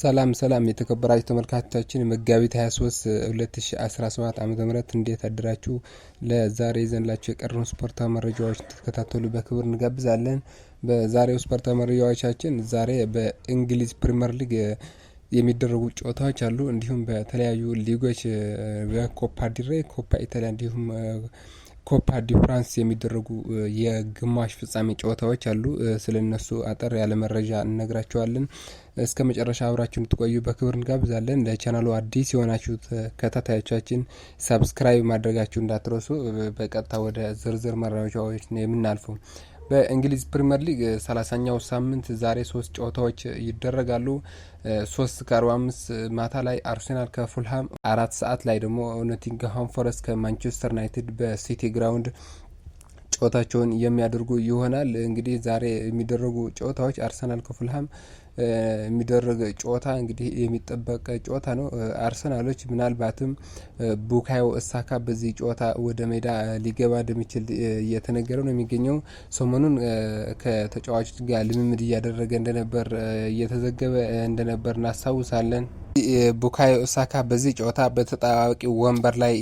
ሰላም ሰላም የተከበራችሁ ተመልካቾቻችን መጋቢት 23 2017 ዓ ም እንዴት አደራችሁ? ለዛሬ ይዘንላችሁ የቀረውን ስፖርታዊ መረጃዎች እንድትከታተሉ በክብር እንጋብዛለን። በዛሬው ስፖርታዊ መረጃዎቻችን ዛሬ በእንግሊዝ ፕሪምየር ሊግ የሚደረጉ ጨዋታዎች አሉ። እንዲሁም በተለያዩ ሊጎች በኮፓ ዲሬ፣ ኮፓ ኢታሊያ እንዲሁም ኮፓ ዲ ፍራንስ የሚደረጉ የግማሽ ፍጻሜ ጨዋታዎች አሉ። ስለ እነሱ አጠር ያለ መረጃ እነግራቸዋለን። እስከ መጨረሻ አብራችሁ እንድትቆዩ በክብር እንጋብዛለን። ለቻናሉ አዲስ የሆናችሁ ተከታታዮቻችን ሰብስክራይብ ማድረጋችሁ እንዳትረሱ። በቀጥታ ወደ ዝርዝር መረጃዎች የምናልፈው በእንግሊዝ ፕሪምየር ሊግ ሰላሳኛው ሳምንት ዛሬ ሶስት ጨዋታዎች ይደረጋሉ። ሶስት ከአርባ አምስት ማታ ላይ አርሴናል ከፉልሃም፣ አራት ሰዓት ላይ ደግሞ ኖቲንግሃም ፎረስት ከማንቸስተር ዩናይትድ በሲቲ ግራውንድ ጨዋታቸውን የሚያደርጉ ይሆናል። እንግዲህ ዛሬ የሚደረጉ ጨዋታዎች አርሰናል ከፉልሃም የሚደረግ ጨዋታ እንግዲህ የሚጠበቅ ጨዋታ ነው። አርሰናሎች ምናልባትም ቡካዮ እሳካ በዚህ ጨዋታ ወደ ሜዳ ሊገባ እንደሚችል እየተነገረ ነው የሚገኘው። ሰሞኑን ከተጫዋቾች ጋር ልምምድ እያደረገ እንደነበር እየተዘገበ እንደነበር እናስታውሳለን። ቡካዮ ኦሳካ በዚህ ጨዋታ በተጠባባቂ ወንበር ላይ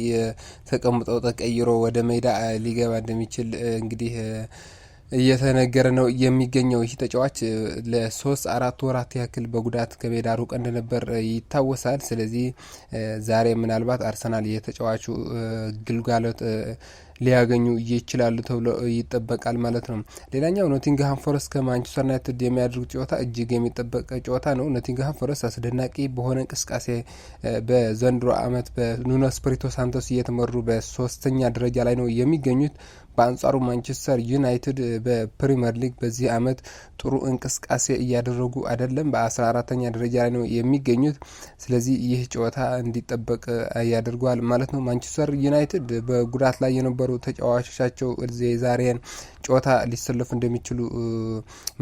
ተቀምጦ ተቀይሮ ወደ ሜዳ ሊገባ እንደሚችል እንግዲህ እየተነገረ ነው የሚገኘው። ይህ ተጫዋች ለሶስት አራት ወራት ያክል በጉዳት ከሜዳ ሩቅ እንደነበር ይታወሳል። ስለዚህ ዛሬ ምናልባት አርሰናል የተጫዋቹ ግልጋሎት ሊያገኙ ይችላሉ ተብሎ ይጠበቃል ማለት ነው። ሌላኛው ኖቲንግሃም ፎረስት ከማንቸስተር ዩናይትድ የሚያደርጉት ጨዋታ እጅግ የሚጠበቅ ጨዋታ ነው። ኖቲንግሃም ፎረስት አስደናቂ በሆነ እንቅስቃሴ በዘንድሮ ዓመት በኑኖ ስፕሪቶ ሳንቶስ እየተመሩ በሶስተኛ ደረጃ ላይ ነው የሚገኙት። በአንጻሩ ማንቸስተር ዩናይትድ በፕሪምየር ሊግ በዚህ አመት ጥሩ እንቅስቃሴ እያደረጉ አይደለም። በአስራ አራተኛ ደረጃ ላይ ነው የሚገኙት። ስለዚህ ይህ ጨዋታ እንዲጠበቅ ያደርገዋል ማለት ነው። ማንቸስተር ዩናይትድ በጉዳት ላይ የነበሩ ተጫዋቾቻቸው የዛሬን ጨዋታ ሊሰለፉ እንደሚችሉ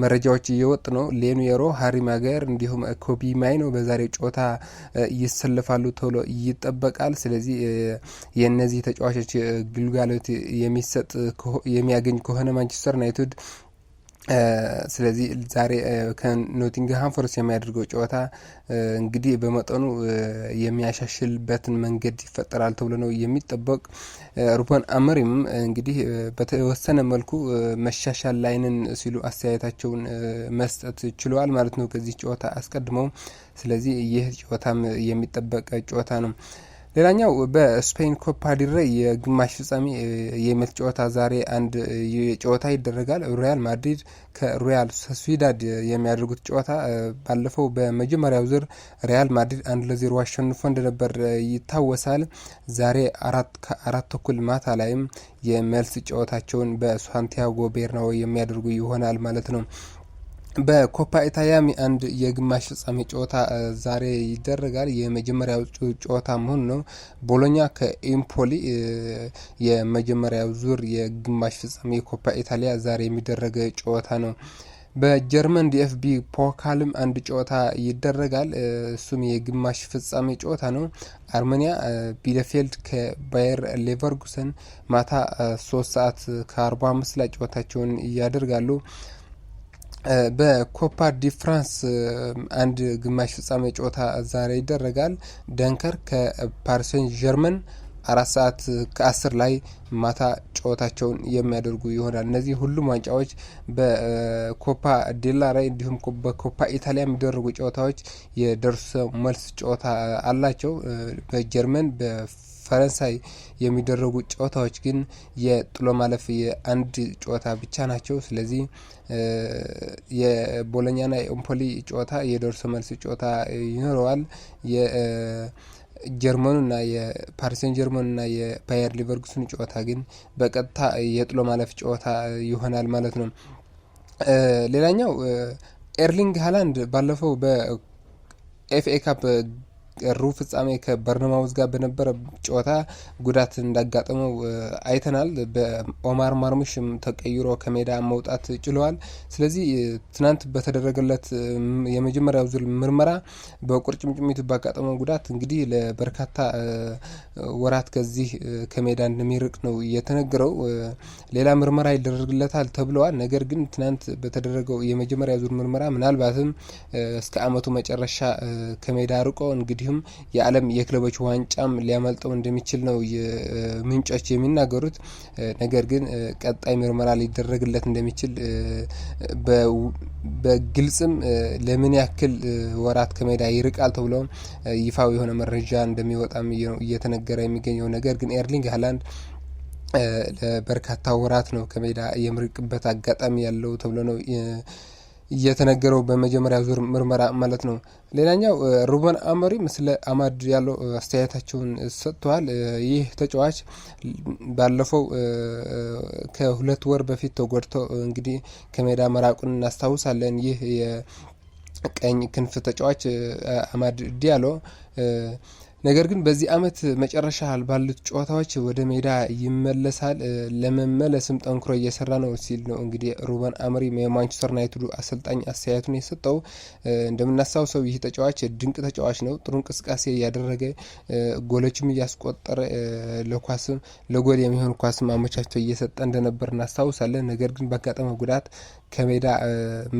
መረጃዎች እየወጥ ነው። የሮ፣ ሀሪ ማገር እንዲሁም ኮቢ ማይኖ በዛሬው ጨዋታ ይሰለፋሉ ተብሎ ይጠበቃል። ስለዚህ የእነዚህ ተጫዋቾች ግልጋሎት የሚሰጥ የሚያገኝ ከሆነ ማንቸስተር ዩናይትድ ስለዚህ ዛሬ ከኖቲንግሃም ፎረስት የሚያደርገው ጨዋታ እንግዲህ በመጠኑ የሚያሻሽልበትን መንገድ ይፈጠራል ተብሎ ነው የሚጠበቅ። ሩበን አመሪም እንግዲህ በተወሰነ መልኩ መሻሻል ላይንን ሲሉ አስተያየታቸውን መስጠት ችለዋል ማለት ነው ከዚህ ጨዋታ አስቀድመው። ስለዚህ ይህ ጨዋታም የሚጠበቅ ጨዋታ ነው። ሌላኛው በስፔን ኮፓ ዲሬ የግማሽ ፍጻሜ የመልስ ጨዋታ ዛሬ አንድ ጨዋታ ይደረጋል። ሪያል ማድሪድ ከሪያል ሶሲዳድ የሚያደርጉት ጨዋታ ባለፈው በመጀመሪያው ዙር ሪያል ማድሪድ አንድ ለዜሮ አሸንፎ እንደነበር ይታወሳል። ዛሬ አራት ከአራት ተኩል ማታ ላይም የመልስ ጨዋታቸውን በሳንቲያጎ ቤርናዎ የሚያደርጉ ይሆናል ማለት ነው። በኮፓ ኢታሊያም አንድ የግማሽ ፍጻሜ ጨዋታ ዛሬ ይደረጋል። የመጀመሪያው ጨዋታ መሆን ነው። ቦሎኛ ከኢምፖሊ የመጀመሪያው ዙር የግማሽ ፍጻሜ የኮፓ ኢታሊያ ዛሬ የሚደረገ ጨዋታ ነው። በጀርመን ዲኤፍቢ ፖካልም አንድ ጨዋታ ይደረጋል። እሱም የግማሽ ፍጻሜ ጨዋታ ነው። አርሜኒያ ቢለፌልድ ከባየር ሌቨርጉሰን ማታ ሶስት ሰዓት ከአርባ አምስት ላይ ጨዋታቸውን እያደርጋሉ። በኮፓ ዲ ፍራንስ አንድ ግማሽ ፍጻሜ ጨዋታ ዛሬ ይደረጋል። ደንከር ከፓሪሴን ጀርመን አራት ሰዓት ከአስር ላይ ማታ ጨዋታቸውን የሚያደርጉ ይሆናል። እነዚህ ሁሉም ዋንጫዎች በኮፓ ዴላ ላይ እንዲሁም በኮፓ ኢታሊያ የሚደረጉ ጨዋታዎች የደርሶ መልስ ጨዋታ አላቸው። በጀርመን ፈረንሳይ የሚደረጉ ጨዋታዎች ግን የጥሎ ማለፍ የአንድ ጨዋታ ብቻ ናቸው። ስለዚህ የቦሎኛና የኤምፖሊ ጨዋታ የደርሶ መልስ ጨዋታ ይኖረዋል። ጀርመኑና የፓሪሰን ጀርመኑና የባየር ሊቨርኩስን ጨዋታ ግን በቀጥታ የጥሎ ማለፍ ጨዋታ ይሆናል ማለት ነው። ሌላኛው ኤርሊንግ ሀላንድ ባለፈው በኤፍኤ ካፕ ሩብ ፍጻሜ ከበርነማውዝ ጋር በነበረ ጨዋታ ጉዳት እንዳጋጠመው አይተናል። በኦማር ማርሙሽም ተቀይሮ ከሜዳ መውጣት ችለዋል። ስለዚህ ትናንት በተደረገለት የመጀመሪያው ዙር ምርመራ በቁርጭምጭሚቱ ባጋጠመው ጉዳት እንግዲህ ለበርካታ ወራት ከዚህ ከሜዳ እንደሚርቅ ነው የተነገረው። ሌላ ምርመራ ይደረግለታል ተብለዋል። ነገር ግን ትናንት በተደረገው የመጀመሪያ ዙር ምርመራ ምናልባትም እስከ ዓመቱ መጨረሻ ከሜዳ ርቆ እንግዲህ እንዲሁም የዓለም የክለቦች ዋንጫም ሊያመልጠው እንደሚችል ነው ምንጮች የሚናገሩት። ነገር ግን ቀጣይ ምርመራ ሊደረግለት እንደሚችል በግልጽም ለምን ያክል ወራት ከሜዳ ይርቃል ተብለውም ይፋው የሆነ መረጃ እንደሚወጣም እየተነገረ የሚገኘው ነገር ግን ኤርሊንግ ሀላንድ ለበርካታ ወራት ነው ከሜዳ የምርቅበት አጋጣሚ ያለው ተብሎ ነው የተነገረው በመጀመሪያ ዙር ምርመራ ማለት ነው። ሌላኛው ሩበን አሞሪም ስለ አማድ ያለው አስተያየታቸውን ሰጥተዋል። ይህ ተጫዋች ባለፈው ከሁለት ወር በፊት ተጎድቶ እንግዲህ ከሜዳ መራቁን እናስታውሳለን። ይህ የቀኝ ክንፍ ተጫዋች አማድ ዲያሎ ነገር ግን በዚህ አመት መጨረሻ ባሉት ጨዋታዎች ወደ ሜዳ ይመለሳል፣ ለመመለስም ጠንክሮ እየሰራ ነው ሲል ነው እንግዲህ ሩበን አሞሪም የማንቸስተር ዩናይትዱ አሰልጣኝ አስተያየቱን የሰጠው። እንደምናስታውሰው ይህ ተጫዋች ድንቅ ተጫዋች ነው። ጥሩ እንቅስቃሴ እያደረገ ጎሎችም እያስቆጠረ ለኳስም ለጎል የሚሆን ኳስም አመቻችቶ እየሰጠ እንደነበር እናስታውሳለን። ነገር ግን ባጋጠመው ጉዳት ከሜዳ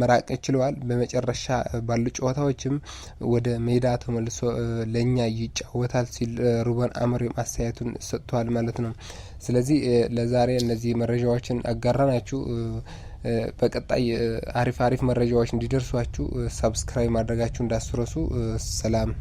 መራቅ ችለዋል። በመጨረሻ ባሉ ጨዋታዎችም ወደ ሜዳ ተመልሶ ለእኛ ይጫወ ያውቁበታል ሲል ሩበን አመሪም አስተያየቱን ሰጥቷል ማለት ነው። ስለዚህ ለዛሬ እነዚህ መረጃዎችን አጋራናችሁ። በቀጣይ አሪፍ አሪፍ መረጃዎች እንዲደርሷችሁ ሰብስክራይብ ማድረጋችሁ እንዳስረሱ። ሰላም